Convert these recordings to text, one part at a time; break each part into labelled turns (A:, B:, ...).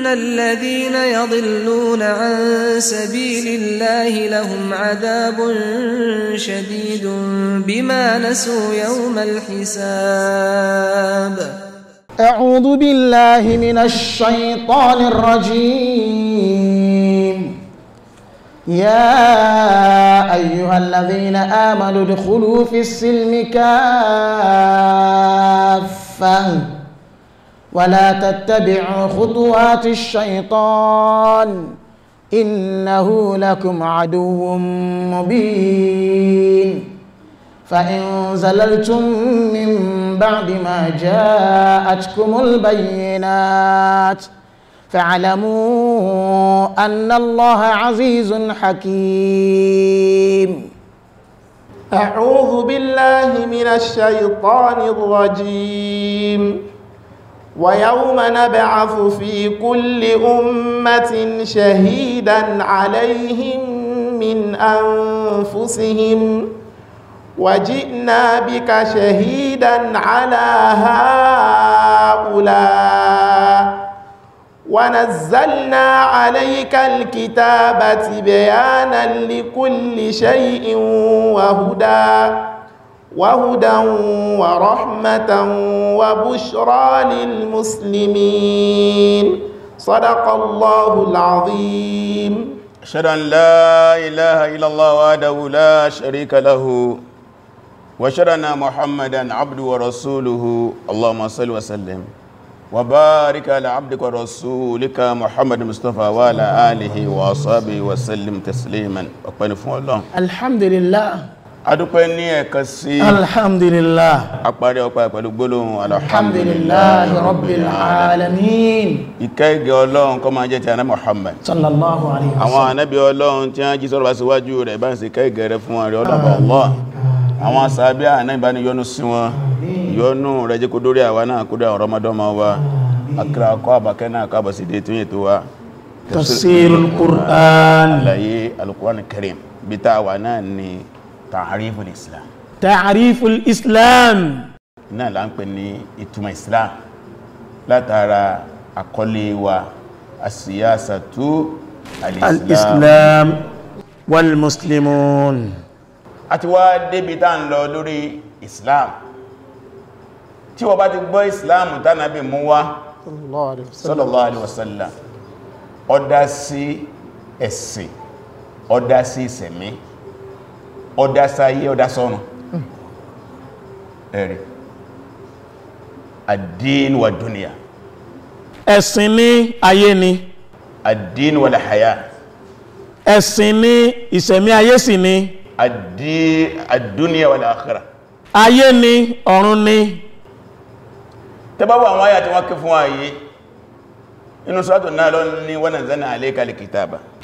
A: ان الذين يضلون عن سبيل الله لهم عذاب شديد بما نسوا يوم الحساب اعوذ
B: بالله من الشيطان الرجيم يا ايها الذين امنوا ادخلوا في السلم كافه ولا تتبعوا خطوات الشيطان إنه لكم عدو مبين فإن زللتم من بعد ما جاءتكم البينات فاعلموا أن الله
A: عزيز حكيم أعوذ بالله من الشيطان الرجيم ويوم نبعث في كل أمة شهيدا عليهم من أنفسهم وجئنا بك شهيدا على هؤلاء ونزلنا عليك الكتاب بيانا لكل شيء وهدى وهدى ورحمة وبشرى للمسلمين صدق الله العظيم أشهد أن لا إله إلا الله وحده لا شريك له
C: وأشهد أن محمدا عبد ورسوله اللهم صل وسلم وبارك على عبدك ورسولك محمد مصطفى وعلى آله وصحبه وسلم تسليما أقبل الله
A: الحمد لله
C: adúpẹ́ ní ẹ̀kan sí alhamdulillah àparí ọpa pẹ̀lú gbólóhùn alhamdulillah rabbil alamin ìkẹ́ ìgẹ́ ọlọ́run kó máa jẹ́ ti àná Muhammad sallallahu alaihi wasallam àwọn ànábí ọlọ́run tí a jí sọ́rọ̀ bá síwájú rẹ̀ bá ń ṣe kẹ́ ìgẹ́ rẹ̀ fún ọ̀rẹ́ ọlọ́bọ̀ọ̀lọ́ àwọn sàábí ànábí ní yọ́nú sí wọn yọ́nú rẹ̀ jẹ́ kó dórí al-Qur'an al-Karim bí ni tààrífù islam
B: tààrífù
C: islam náà là ń pè ní ìtumọ̀ islam látara àkọlé wa asíyásàtú al-islam wal-muslimun a ti wá débi tá ń lọ lórí islam tí wọ́n bá ti gbọ́ islam tánàbí mú wá sallallahu alaihi ọdá sí ẹ̀sìn ọdá sí ìsẹ̀mí ọdá sáyé ọdá sọ́nà hmm. ẹ̀rì àdín wà dúnìyà ẹ̀sìn ní ayé ni àdín wà láhàyà ẹ̀sìn ní ìṣẹ̀mí ayé sì ni àdúnìyà wà ayé ni ọ̀run ni tẹ́bàbà àwọn ayà wọ́n kí fún ayé inú sọ́tún náà lọ ní wọ́n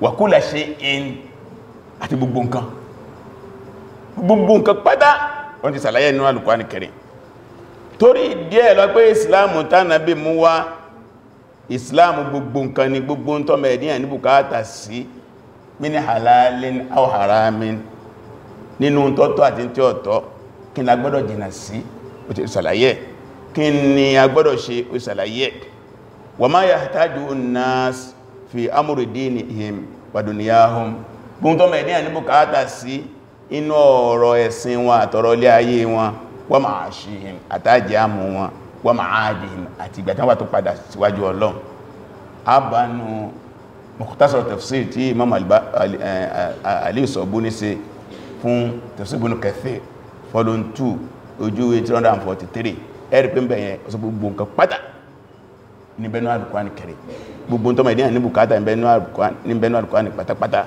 C: wàkúlà ṣe in àti gbogbo nǹkan gbogbo nǹkan pátá wọ́n ti sàlàyé inú Al-Qur'an Karim torí díẹ̀ lọ pé Islam tánàbí mú wá ìsìláàmù gbogbo nǹkan ni gbogbo ń tọ́mọ̀ ẹ̀díyàn ní bùkátà sí min halalin aw nínú tọ́tọ́ àti tí ọ̀tọ́ kí ni a gbọ́dọ̀ jìnà sí ó ti sàlàyé kí ni a gbọ́dọ̀ ṣe ó sàlàyé wa ma yahtaju an-nas fi amúrì dínì ihim pàdùníyàhùn gbóhun tó mẹ́dí à ní bùkátà sí inú ọ̀rọ̀ ẹ̀sìn wọn àtọ̀rọ̀ ilé ayé wọn wọ́n máa ṣe ihim àtàjẹ́ àmú wọn wọ́n máa dì ihim àti ìgbà tí wọ́n tó padà síwájú ọlọ́run abanu mukhtasar tafsir tí imam ali sọ̀bú ní ṣe fún tafsir bunu kathir volume 2 ojú 343 ẹ̀rì pé ń bẹ̀yẹn ọ̀sọ̀ gbogbo nǹkan pátá ní bẹnu alùkwáni kẹrẹ gbogbo tọ́mọ̀ ìdíyàn ní bukata ní bẹnu alùkwáni pátápátá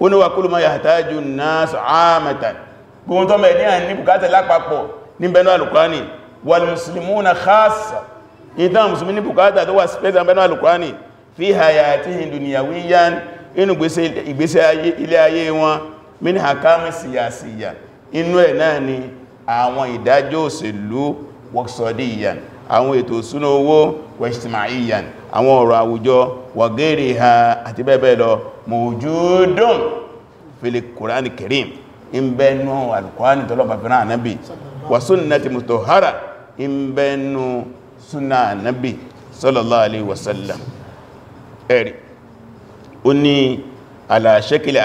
C: ó ní wàkúlù ma yahtaju an-nasu 'amatan gbogbo tọ́mọ̀ ìdíyàn ní bukata lápapọ̀ ní bẹnu alùkwáni wal muslimuna khassa ìtàn musulmi ní bukata tó wà spẹ́sà bẹnu alùkwáni fi hayatihim dunyawiyyan inú ìgbésí ilé ayé wọn min àwọn ìdájọ́ òṣèlú wọ́ksọ̀díyàn àwọn ètò ìṣúná owó westimaiyan àwọn ọ̀rọ̀ àwùjọ wàgẹ́rẹ̀ ha àti bẹ́ẹ̀bẹ́ẹ̀ lọ mọ̀júdùn fil Qur'an Karim in bẹ́ẹ̀nù alkùránì tọ́lọ́pàá fẹ́ràn ànábì wà sunnati mutahhara in bẹ́ẹ̀nù súnà ànábì sallallahu alaihi wasallam ẹ̀rì ó ní ala shakli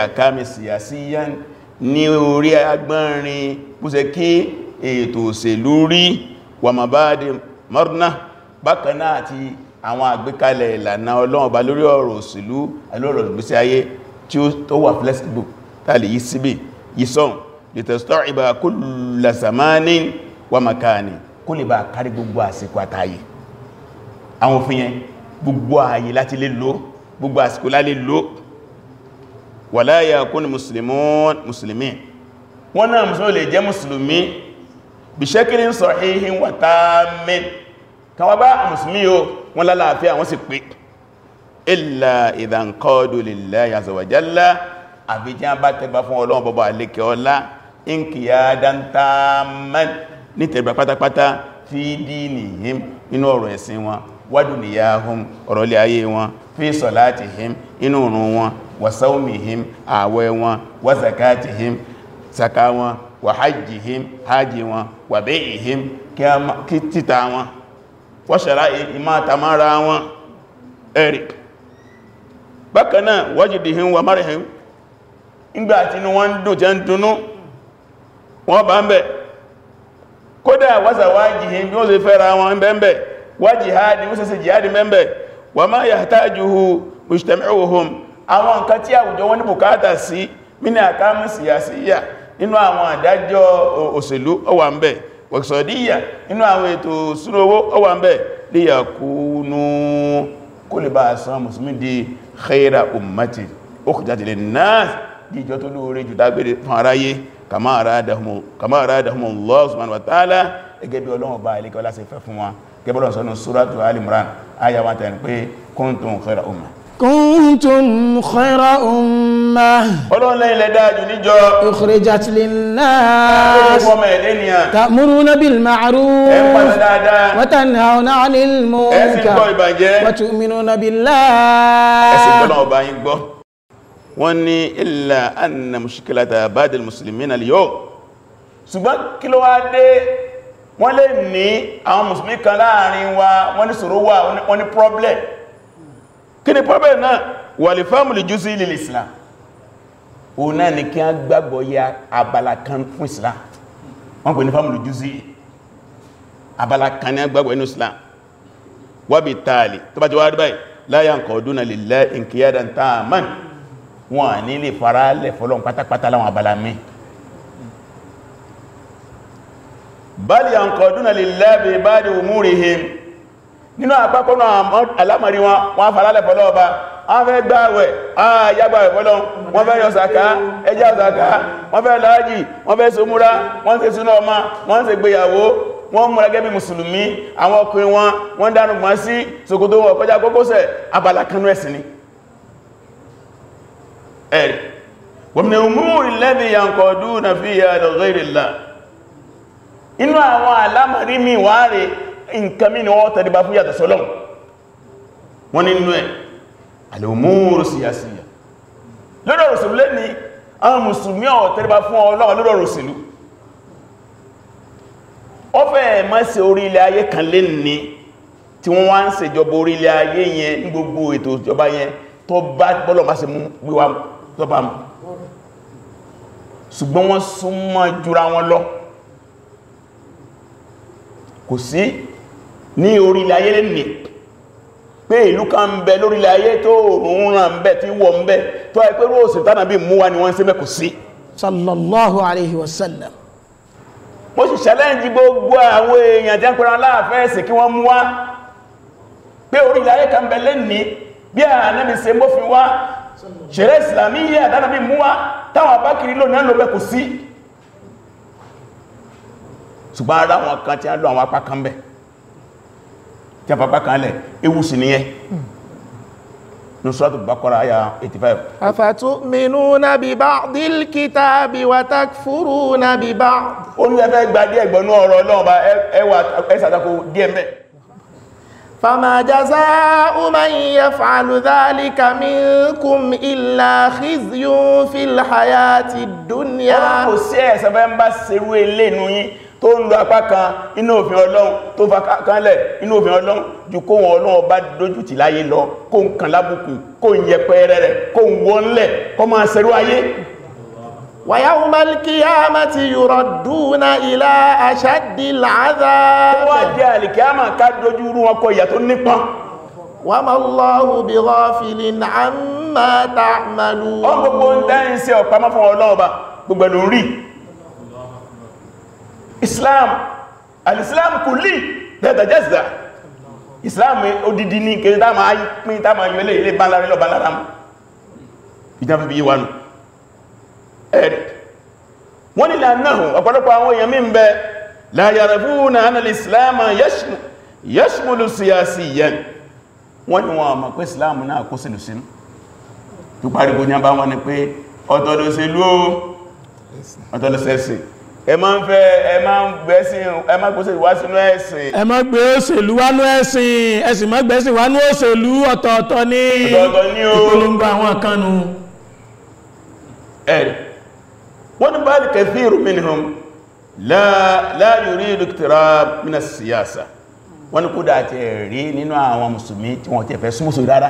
C: mabadi mọ́rúnà bákaná àti àwọn àgbékalẹ̀ ìlànà ọlọ́run bá lórí ọ̀rọ̀ òṣèlú alóòrọ̀ ìgbésí ayé tí ó tó wà flexible tààlì yìí síbì yìí sọ́n lè tẹ̀sọ́ ìbá kó wà makani kó lè bá kárí gbogbo àsìkò àtàyè àwọn òfin yẹn gbogbo ààyè láti lè lò gbogbo àsìkò láti lò wà láyà kó bìṣẹ́kìrín sahihin wa tammin káwà bá musulmi o wọ́n lálàáfíà wọ́n sì pé illa idha nqadu lillahi azza wa jalla àbíjá bá tẹgbà fún ọlọ́run bọ́bá alékẹ́ ọlá inqiyadan tamman ní tẹgbà pátápátá fi dinihim inú ọ̀rọ̀ ẹ̀sìn wọn wa dunyahum ọ̀rọ̀ sawmihim ààwẹ̀ wọn wa zakatihim zaka wà hajjihim hajji wọn wà bẹ́ ihim kí títà wọn wọ́ṣẹ̀rá ìmá tamara wọn eric bákaná wajidihim wà marihim ìgbà tí inú wọn dùn jẹ́ ń dunú wọ́n bá ń bẹ̀ kódà wáṣà wájihim bí wọ́n ṣe fẹ́ra wọn bẹ́ẹ̀bẹ̀ wájihadi wọ́n ṣe jihadi bẹ́ẹ̀bẹ̀ inú àwọn àdájọ́ òṣèlú ó wà ń bẹ̀ wẹ̀sọ̀díyà inú àwọn ètò súnowó ó wà ń bẹ̀ líyà kúnú kó lè bá àsán mùsùlùmí di khaira ummati ó kù jáde lè náà di ìjọ tó lóore jù dágbére fún aráyé kama aradahum Allah subhanahu wa ta'ala gẹ́gẹ́ bí Ọlọ́run bá ilé kí ọlá suratu Al aya 110 pé kuntum khaira
B: kuntum khayra ummah ọlọ́nà ilẹ̀ dájú níjọ ukhrijat linnas ta'muruna bil ma'ruf wa tanhauna 'anil munkar wa tu'minuna
C: billah ẹ̀sìn gbọ́nà ọba yín gbọ́ wọ́n ní illa anna mushkilata ba'dil mùsùlùmí kan láàrin wa wọ́n ní ṣòro wà wọ́n ní problem kí ni problem náà wàlì fámùlì jù sí ilẹ̀ islam o náà ni kí a gbàgbọ́ ya abala kan fún islam wọ́n pè ní fámùlì jù sí abala kan ní agbàgbọ́ inú islam wábi tààlì tó bá jẹ́ wárí báyìí láyà ń kọ̀ọ́dún na lillah inqiyadan taman wọn ní lè fara lẹ̀ fọ́lọ́n pátápátá láwọn abala mi bal yanqaduna lillahi bi ba'di umurihim nínú àpapọ̀nà alámọ̀rí wọn wọ́n faralẹ̀ fọ́lọ́ọba wọ́n fẹ́ gbáwẹ̀ àyàgbàwẹ̀ fọ́lọ́ wọ́n fẹ́ yọ sàká ẹjá sàká wọ́n fẹ́ láàájì wọ́n fẹ́ sómúra wọ́n se súnà ọmọ wọ́n ṣe gbéyàwó wọ́n múra gẹ́bí mùsùlùmí àwọn ọkùnrin wọn wọ́n dánù gbọ́n sí ṣòkòtò wọn kọjá kókósẹ̀ abala kanú ẹ̀sìn ni ẹ̀rì wọ́n múrí lẹ́bí yankọ̀ọ́dún na fi yà lọ́gẹ́rìlá inú àwọn alámọ̀rí mi wáre nǹkan mí ni wọ́n tẹ́ríbá fún yàtọ̀ sọ́lọ́m wọ́n nínú ẹ̀ alòmúrù síyàsíyà lọ́dọ̀ òṣèlú lé ní àwọn mùsùlùmí ọ̀ tẹ́ríbá fún ọlọ́wọ́ lọ́dọ̀ òṣèlú ó fẹ́ mọ́ sí orí ilẹ̀ ayé kan lé ní tí wọ́n wá ń ṣèjọba orí ilẹ̀ ayé yẹn ní gbogbo ètò ìjọba yẹn tó bá bọ́lọ̀ bá ṣe mú gbíwá tó mú ṣùgbọ́n wọ́n súnmọ́ jura wọn lọ kò sí ní orílẹ̀ ayé lẹ́nìí pé ìlú kan ń bẹ lórílẹ̀ ayé tó òun ràn ń bẹ tí wọ́n ń bẹ tó ẹ pé róòsì tánà bí mú wa ni wọ́n ń ṣe mẹ́kù sí sallallahu alaihi wasallam mo sì challenge gbogbo àwọn èèyàn jẹ́ pẹ̀rọ aláàfẹ́ẹ̀sì kí wọ́n mú wá pé orílẹ̀ ayé kan ń bẹ lẹ́nìí bí ànábì ṣe mọ́fin wá ṣẹ̀rẹ́ ìsìlàmíyà dánàbí mú wá táwọn abákiri lò náà ló mẹ́kù sí ṣùgbọ́n ara wọn kan tí a lọ àwọn apá kan bẹ́ẹ̀ tí a fapá kanlẹ̀ ewu sí níyẹ nùsùlátù Baqara àyà 85
A: afatu'minuna bi ba'dil kitabi wa takfuruna bi ba'd
C: ó ní ẹfẹ́ gba díẹ̀ gbọ́nú ọ̀rọ̀ náà bá ẹwà ẹsàtàkù díẹ̀ tó ń lo apá kan inú òfin ọlọ́run tó fa kánlẹ̀ inú òfin ọlọ́run ju kó wọn ọlọ́run bá dójú tì láyé lọ kó ń kàn lábùkù kó ń yẹpẹrẹ rẹ̀ kó ń wọ́n lẹ̀ kó máa ṣẹrú ayé
A: wa yawmal qiyamati yuradduna ila ashaddil adhab tó wá jẹ́ àlìkíyàmà ká dojú wa ma Allahu bi ghafilin amma ta'malun ọgbogbo ń dá ń ṣe ọ̀pá mọ́ fún ọlọ́ọ̀ba gbogbo ẹ̀lú rí
C: islam al-islam kulli dẹ́ta jẹ́sìdá islam odidi ní kèrè dáma ayé pín dáma yọ ilé ilé bálárí lọ bálára mú ìjáfẹ́ bí wà nù ẹ̀rẹ̀ wọ́n ni lánàá ọ̀pọ̀lọpọ̀ àwọn èèyàn mí ń bẹ la yarafuna anna al-islam yashmulu siyasiyan wọ́n ni wọ́n ọ̀tọ̀lọ́sẹ̀lú ọ̀tọ̀lọ́sẹ̀sẹ̀ ẹ máa ń fẹ́ ẹ máa ń gbẹ́sìn ẹ máa gbẹ́sìn wá sínú ẹ̀sìn
B: ẹ máa gbé òṣèlú wá ní ẹ̀sìn
C: ẹ̀sìn máa gbẹ́sìn wá ní òṣèlú ọ̀tọ̀ọ̀tọ̀ ní ìpolongo àwọn kanu ẹ̀rì wọ́n ni bal kathiru minhum la yuridu iqtirab minas siyasa wọ́n ni kódà ti rí nínú àwọn mùsùlùmí tí wọ́n ti fẹ́ rárá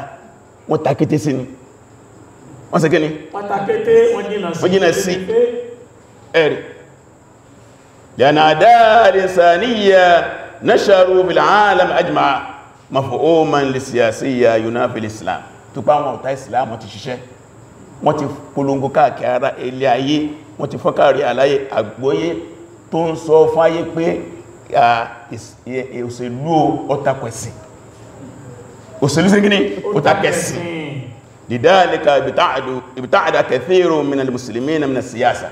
C: wọ́n takété sí ni wọ́n ṣe kí ni wọ́n takété wọ́n jìnà sí ẹ̀rì لأن أعداء الإنسانية نشروا بالعالم أجمع مفهوما للسياسية ينافي الإسلام تبقى موتا ọ̀tá islam wọ́n ti ṣiṣẹ́ wọ́n ti polongo káàkiri ara ilé ayé wọ́n ti fọ́kàrí aláyé àgbóyé tó ń sọ fáyé pé òṣèlú ọ̀tàkwẹ̀sìn òṣèlú sí gíní ọ̀tàkwẹ̀sìn lidhalika ibta'ada kathirun minal muslimina minas siyasa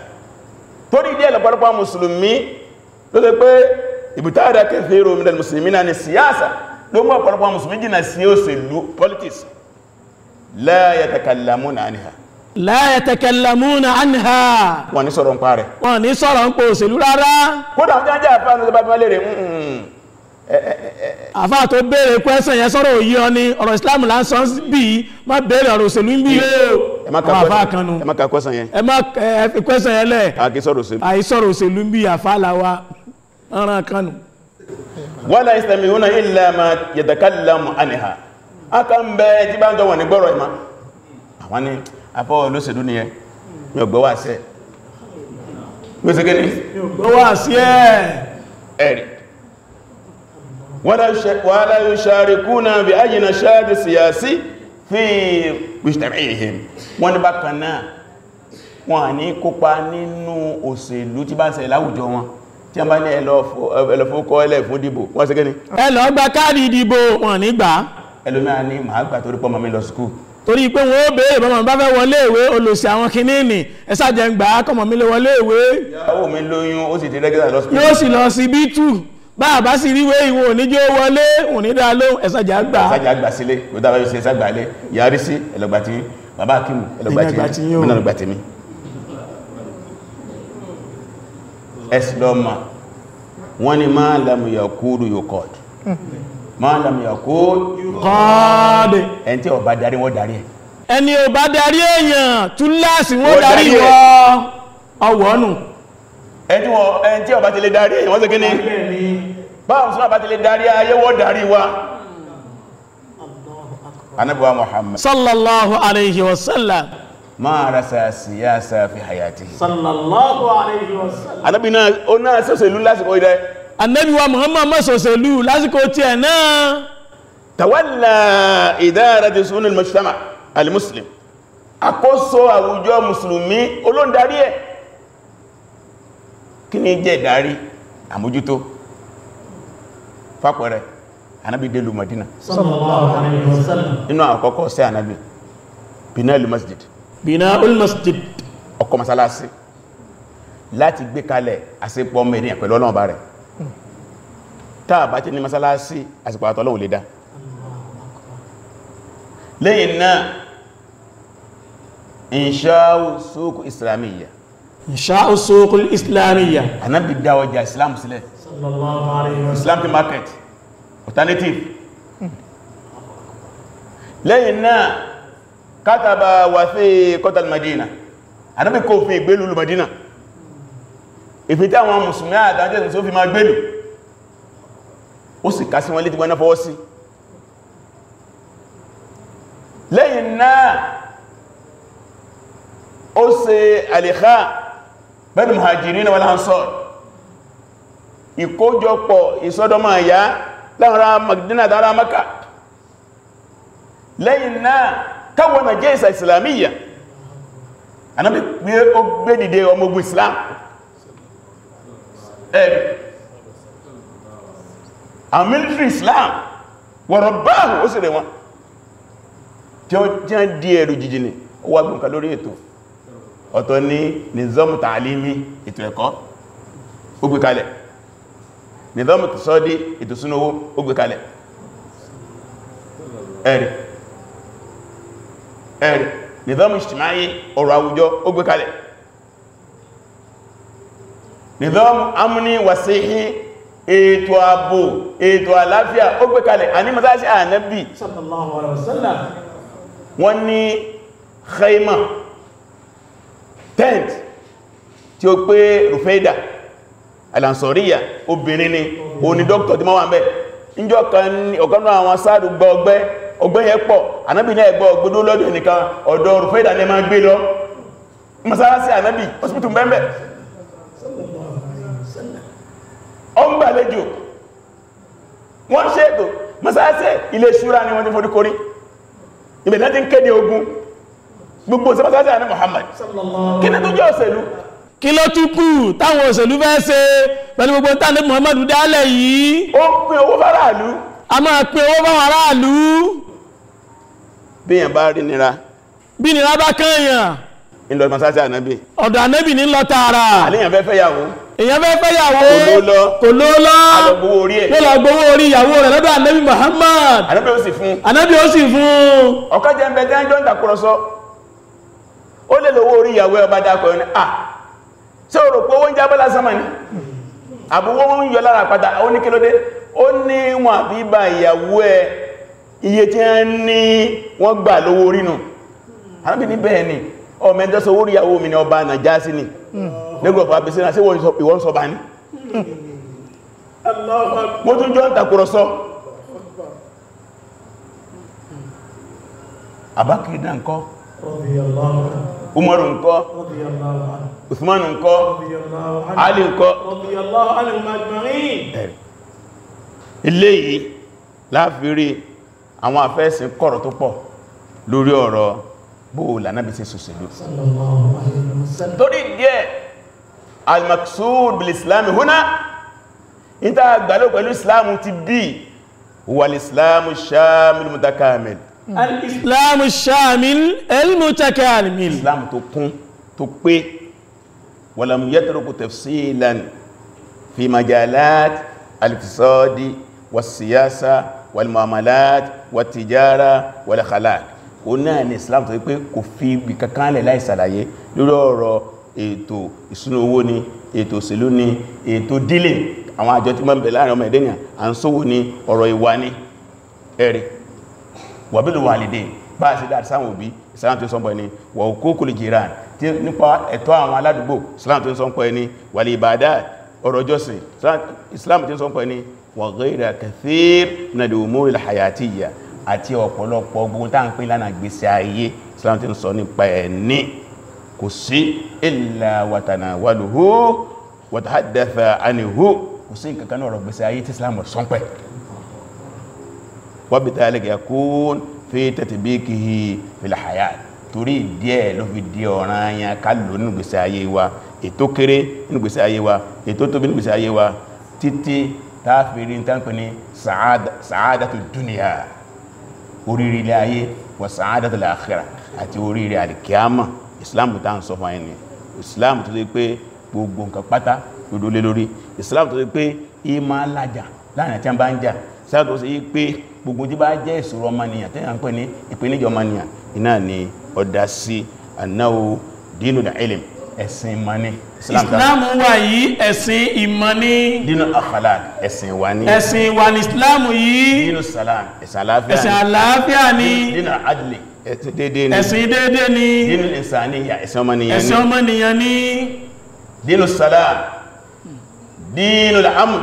C: torí díẹ̀ lọ́pọ̀lọpọ̀ ló tẹ́ pé ìbùtáàdà kathiru minal muslimina ní síyásà ló mú ọ̀pọ̀lọpọ̀ musulmi jìnà sí òṣèlú politics la yatakallamuna anha la yatakallamuna anha wọ́n ní sọ̀rọ̀ ń parẹ̀ wọ́n ní sọ̀rọ̀ ń pò òṣèlú rárá kódà wọ́n jẹ́ àfáà ní ọba bí wọ́n lè rẹ̀ eh, eh, eh, àfáà tó béèrè kwẹ́sàn yẹn sọ̀rọ̀ òyí ọ ni ọ̀rọ̀ Islam lásán bí má béèrè ọ̀rọ̀ òṣèlú ń bí yóò àfáà kanu ẹ má kwẹ́sàn yẹn lẹ̀ àìsọ̀rọ̀ òṣèlú ń bí àfáà
B: láwá ara kanu
C: wala yastami'una illa ma yatakallamu anha aka ń bẹ tí bá ń jọwọ̀ ní gbọ́rọ̀ ìmá àwọn ni afọ́ olóṣèlú ni ẹ mi ò gbọ́wà wa ẹ mi ò gbọ́wà sí ẹ ẹ̀rì wala yusharikuna bi ayyi nashadi siyasi fi mujtama'ihim wọ́n ní bákan náà wọ́n ní n'inu oselu òṣèlú tí bá ń ṣẹlẹ̀ tí a bá ní ẹlọ́fókọ́ ẹlẹ́ fún dìbò wọ́n sí gẹ́ni ẹlọ́ gba káàdì ìdìbò wọn nígbà ẹlòmíà ní màá gbà torí pọ́ mọ́mí lọ skú torí pé wọ́n ó béèrè bọ́mọ̀ bá fẹ́ wọlé ìwé olùsí àwọn kìnnìnì ẹsàjẹ́ ń gbà kọmọ̀ mi lè wọlé ìwé ìyàwó mi lóyún ó sì ti rẹ́gẹ́sà lọ́sí yóò sì lọ sí bí tù bá a bá sì ríwé ìwò oníjó wọlé ònídà lóhun ẹsàjẹ́ àgbà ẹsàjẹ́ àgbà sílé gbọ́dá bá yóò sí ẹsàgbà lé yàrí sí ẹlọgbà tí bàbá akíwù ẹlọgbà tí mi ẹ̀sìlọ́mà wọ́n ni máa lámù yàkúrù yòkọ́d máa lámù yàkúrù yòkọ́d ẹni tí ó bá darí wọ́n darí ẹ̀ ẹni ó bá darí èèyàn túláàsì wọ́n darí ìwọ ọwọ́nù ẹni tí ó ti lè darí wọ́n sí kíní báwọn súnà bá ti lè darí ayé wọ́n darí wa anábíwá Muhammad sallallahu alaihi wasallam máa rasa siyasa fi hayati sallallahu
B: alayhi wa sallam
C: anabi náà ó náà ṣòṣèlú lásìkò ìdẹ́ anabi wa muhammad má ṣòṣèlú lásìkò tí ẹ̀ náà tawalla idara ti sunan mujtama al-muslim àkóso àwùjọ mùsùlùmí olóndarí ẹ̀ kí ni jẹ́ ìdarí àmójútó fàpẹrẹ anabi délù madina sallallahu alayhi wa sallam inú àkọ́kọ́ sí anabi binal masjid bina ulmasjid ọkọ̀ masalasi láti gbé kalẹ̀ àsìpọ̀ mẹ́rin pẹ̀lú ọlọ́ọ̀bá rẹ̀ tàà bá ti ní masalasi àsìpọ̀ àtọ́lọ́wò lè dá lẹ́yìn náà inṣá'u sókù islamiyya inṣá'u sókù islamiyya anábì dá ọjà islam sílẹ̀
B: sallallahu alaihi wasallam islamic
C: market alternative lẹ́yìn náà kátàbà wasiqatal Madina àdábì kò fi ìgbélú lù Madina ìfẹ́ tí àwọn mùsùlùmí àdájẹ́ tó fi máa gbélú ó sì kà sí wọn létí gbọ́nà fọwọ́ sí lẹ́yìn náà ó ṣe àlèkà bẹ́ẹ̀dù muhajirina wal ansar ìkójọpọ̀ ìsọ́dọ́mọ̀ àyá láwọn ará Madina dára Maka lẹ́yìn náà kawọ̀nà jẹ́ ìsà ìsìlàmíyà anábi pé ó gbé dìde ọmọ ogun islam ẹ̀rì a military islam wọ̀rọ̀ báàrù ó sì rẹ̀ wọn tí ó jẹ́ di ẹ̀rù jìjì ni ó wà gùnkà lórí ètò ọ̀tọ̀ ní nìzọ́mù tààlímí ètò ẹ̀kọ́ ó gbé kalẹ̀ nìzọ́mù tìsọ́dí ètò súnowó ó gbé kalẹ̀ ẹ̀rì ẹ̀rẹ̀ nìzọ́mù ìṣtìmáyé ọ̀rọ̀ àwùjọ ó gbé kalẹ̀ nìzọ́mù amúní wàsíhí ètò ààbò ètò àláfíà ó gbé kalẹ̀ àní masáṣí ànábì sallallahu alaihi wasallam wọ́n ní khaima tent tí ó pé rufeda alansoriya obìnrin ni o ni dókítà tí bẹ́ ìjọ kan ọ̀kanú àwọn sáàdù gbọ́ ọgbẹ́ ọgbẹ́ yẹn pọ̀ anábì ní ẹgbọ́ gbogbo lọ́dọ̀ nìkan ọ̀dọ̀ rufẹ́dà ní ẹmà gbé lọ anábì hospital mẹ́mẹ́ ọmọgbàlejò wọ́n ṣe ètò mọ́sálásí ilé ṣúra ni wọ́n ti forí korí ibẹ̀ láti ń kéde ogun gbogbo kí ló tún táwọn òṣèlú fẹ́ ṣe pẹ̀lú gbogbo tánà Muhammad dálẹ̀ yìí pín owó bí yàn bá rí nira bí nira bá kẹ́yàn ìlọ masáṣẹ́ ànábì ọ̀dọ̀ ànábì ní lọ tààrà àníyàn fẹ́ fẹ́yàwó èyàn fẹ́ fẹ́yàwó kò ló lọ lọ́lọ́ gbówó orí ìyàwó rẹ̀ lọ́dọ̀ ànábì Muhammad ànábì ó sì fún ànábì ó sì fún ọ̀kan jẹ́ ẹgbẹ́ jẹ́ jọ́ ń tàkúrọsọ ó lè lówó orí ìyàwó ọba dákọ̀ ní à tí ó rò pé owó ń jábọ́ lásán mọ̀ iye tí a ń ní wọ́n gbà lówó orínú arábì ní bẹ́ẹ̀ ni ọmọ ẹjọ́ sọ orí ìyàwó mi ni ọba Nàjàsí ni lẹ́gbọ̀fà abisina sí ìwọ́n sọ bá ní mo ń takùrọsọ láàfin rí àwọn afẹ́ẹ̀sìn kọ̀rọ̀ tó pọ̀ lórí ọ̀rọ̀ bóòlà náà bí ṣe sòṣèlú torí díẹ̀ al-maqsud bil-islami húnná in ta gbàlò pẹ̀lú islamu ti bí wal-islamu shamil mutakamil al-islamu shamil el-mutakamil islamu tó kún tó pé walam yatruku tafsilan fi majalat siyasa والمعاملات والتجارة walakhalak o náà ni islam tó pé kò fi bí kankan lẹ̀ láì ṣàlàyé lórí ọ̀rọ̀ ètò ìṣúná owó ni ètò òṣèlú ni ètò dílé àwọn àjọ tí mọ́n bẹ̀ láàrin ọmọ ẹ̀dẹ́nìyà à ń sówó ni ọ̀rọ̀ ìwà ni ẹ̀rẹ̀ wàbílù wàlìdè bá ṣe dáadé sáwọn òbí islam tó sọ́pọ̀ ẹni wà òkú kò lè jìran tí nípa ẹ̀tọ́ àwọn aládùúgbò islam tó sọ́pọ̀ ẹni wàlì ìbàdà ọ̀rọ̀ jọ́sìn islam tó sọ́pọ̀ ẹni wa ghayra kathir min al-umuri al-hayatiyya àti ọ̀pọ̀lọpọ̀ ogun tá ń pín lánàá gbèsè ayé islam ti ń sọ nípa ẹ̀ ní kò sí illa wa tanawaluhu wa tahaddatha anhu kò sí nǹkankan ọ̀rọ̀ gbèsè ayé tí islam sọ pẹ̀ torí díẹ̀ ló fi di ọ̀ràn ayan ká nínú gbèsè ayé wa ètò kéré nínú gbèsè ayé wa ètò tóbi nínú gbèsè ayé wa títí táàfèrè ń tán pè ní sàádàtù dúnìyà oríire ilé ayé wà sàádàtù láàkírà àti oríire alìkíámà islam tó tán sọ fún ẹni islam tó tó pé gbogbo nǹkan pátá gbogbo lé lórí islam tó tó pé ìmá lájà láàrin tí a bá ń jà islam tó sì pé ẹ̀sìn ìmọ̀ni islam wà yìí ẹ̀sìn ìmọ̀ni dínú akhlaq ẹ̀sìn wà ní ẹ̀sìn wà ní islam yìí dínú salam ẹ̀sìn àlàáfíà ní dínú adli ẹ̀sìn dédé ní dínú insaniya ẹ̀sìn ọmọnìyàn ní dínú salam dínú al'amr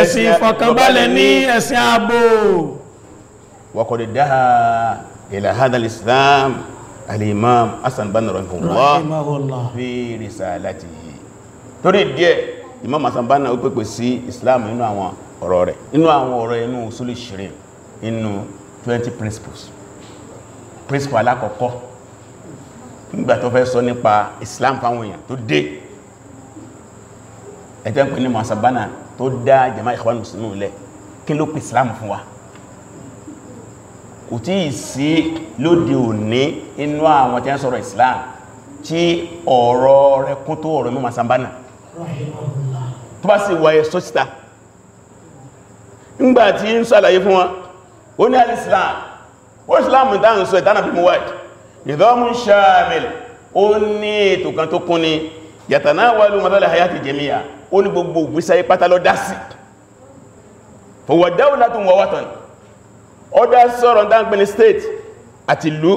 C: ẹ̀sìn ìfọ̀kànbalẹ̀ ní ẹ̀sìn ààbò wa qad daha islam al-imam Hassan Banna rahimahullah fi risalatihi torí díẹ̀ imam Hassan Banna ó pèpè sí islam nínú àwọn ọ̀rọ̀ rẹ̀ 20 principles principle alákọ̀ọ́kọ́ nígbà tó fẹ́ sọ nípa islam fáwọn èèyàn tó dé ẹ̀tẹ́ ń pè ní Hassan Banna tó dá jama ikhwan muslimun lẹ̀ kí ló pè islam fún wa kò tí ì sí lóde òní inú àwọn tí a ń sọ̀rọ̀ Islam tí ọ̀rọ̀ rẹ̀ kún tó ọ̀rọ̀ mọ́ masambana tó bá sì wáyé sọ́sítà ńgbàtí ń sàlàyé fún wọn ó ní al-Islam ó Islam dá ń sọ ìdánà bí muwad ìdọ́mù shamil ó ní ètò kan tó kún ní yatanawalu madala hayati jami'a ó ní gbogbo ìgbésí ọdá sọ́rọ̀ dáńgbẹ̀ni state àti ìlú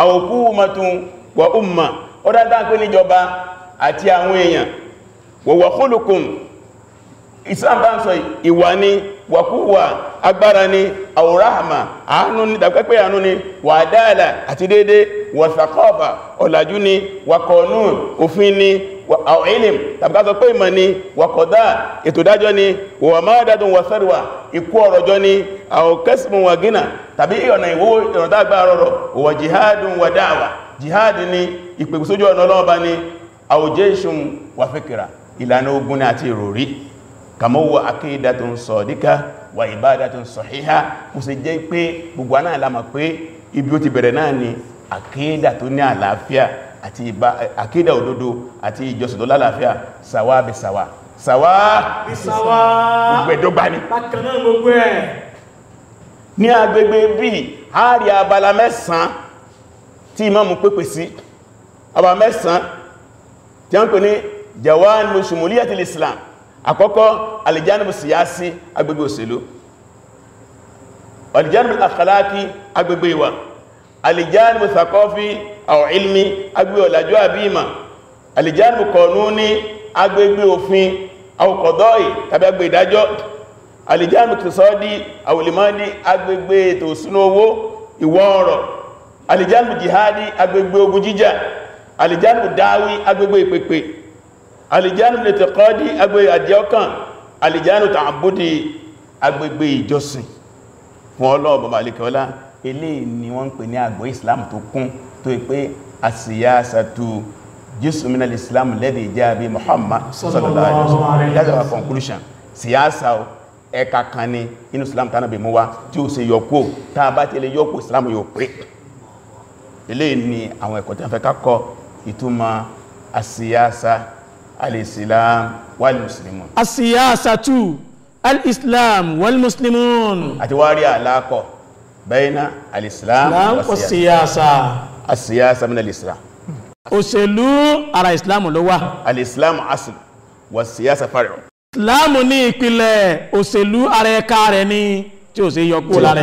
C: àwòkú umatun wa umma ọdá dáńgbẹ̀ni ìjọba àti àwọn èèyàn wọ̀wọ̀ kúlùkùn islam bá ń sọ ìwà ni wàkúwà agbára ni àwòráhàmà àánú ni dàpẹ́pẹ́ àánú ni wà dáàlà àti dédé wà sàkọ́ọ̀fà ọ̀làjú ni wà kọ̀ọ̀nù òfin ni àwọn ilim tàbí ká sọ pé ìmọ̀ ni wàkọ̀dá ètò ìdájọ́ ni wà máa dádùn wà sẹ́rùwà ikú ọ̀rọ̀jọ́ ni àwọn kẹsìmọ̀ wà gínà tàbí ìyọ̀nà ìwó ìrọ̀dágbà rọrọ̀ wà jihadun wà dáwà jihad ni ìpègbèsójú ọ̀nà ọlọ́ọ̀bá ni àwòjẹ́ ìṣun wà fẹ́kìrà ìlànà ogun ni àti ìròrí kàmọ́wọ́ akédatun sọ̀díká wà ìbádatun sọ̀híhá àti ìbá àkídà òdodo àti ìjọsìn tó lálàáfíà sàwà bí sàwà sàwà bí sàwà gbẹ̀dọ́gbà ní bákanáà gbogbo ẹ̀ ní agbègbè bí a rí abala mẹ́sàn tí ìmáàmù pépè sí abala mẹ́sàn tí a ń pè ní jawanu shumuliyatil islam àkọ́kọ́ alìjánibù síyásí agbègbè òṣèlú alìjánibù akhlaqi agbègbè ìwà alìjáàmù sàkọ́fí àwọn ilmi agbé ọ̀làjú àbíìmà alìjáàmù kọ̀núní agbègbè òfin àwòkọ̀dọ́ì tàbí agbè ìdájọ́ alìjáàmù tìsọ́dí àwòlìmọ́dí agbègbè ètò ìṣúná owó ìwọ̀ ọ̀rọ̀ alìjáàmù jihadi agbègbè ogun jíjà alìjáàmù dáwí agbègbè ìpèpè alìjáàmù lẹ́tẹ̀kọ́dí agbègbè àdíọ́kàn alìjáàmù tààbùdì agbègbè ìjọsìn fún ọlọ́ọ̀bọ̀ eléyìí ni wọ́n ń pè ní àgbọ́ islam tó kún tó pé asiyasatu jésù min al-islam lẹ́dẹ̀ jẹ́ bí muhammad sallallahu alaihi wasallam that's our conclusion siyasa ẹ̀ka kan ni inú islam tánà bí mú wá tá a bá ti lè yọkó islam yóò pé eléyìí ni àwọn ẹ̀kọ́ tí wọ́n fẹ́ ká kọ́ ìtumọ̀ asiyasa al-islam wal-muslimun asiyasatu al-islam wal-muslimun àti wárí bẹ́ẹ̀nà alìsìláàmù wàsíyàsá asíyàsá min alìsìláàmù òṣèlú ara ìsìláàmù ló wà alìsìláàmù asìl wàsíyàsá fàrẹ̀ ìsìláàmù ní ìpìlẹ̀ òṣèlú ara ẹka rẹ̀ ni tí ó ṣe yọkó lára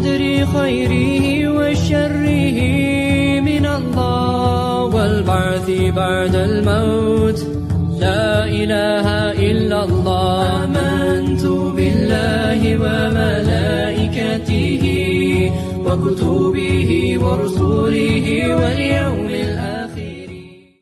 A: قدر خيره وشره من الله والبعث بعد الموت لا إله إلا الله آمنت بالله وملائكته وكتبه ورسله
B: واليوم
A: الآخر